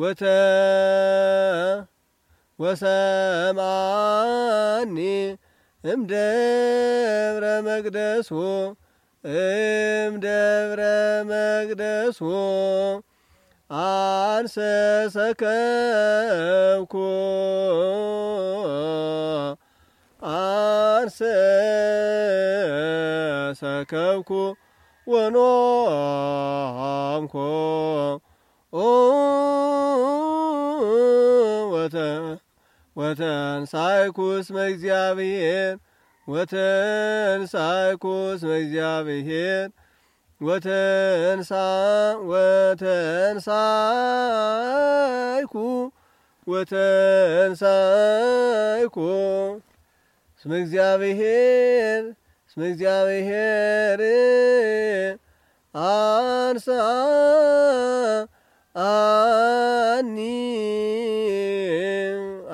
ወተ ወሰማኒ እምደብረ መቅደሶ እምደብረ መቅደሶ አንሰ ሰከብኩ አንሰ ወተንሳይኩ እስመ እግዚአብሔር ወተንሳይኩ እስመ ወተንሳ ወተንሳይኩ ወተንሳይኩ እስመ እግዚአብሔር እስመ እግዚአብሔር አንሳ أنيب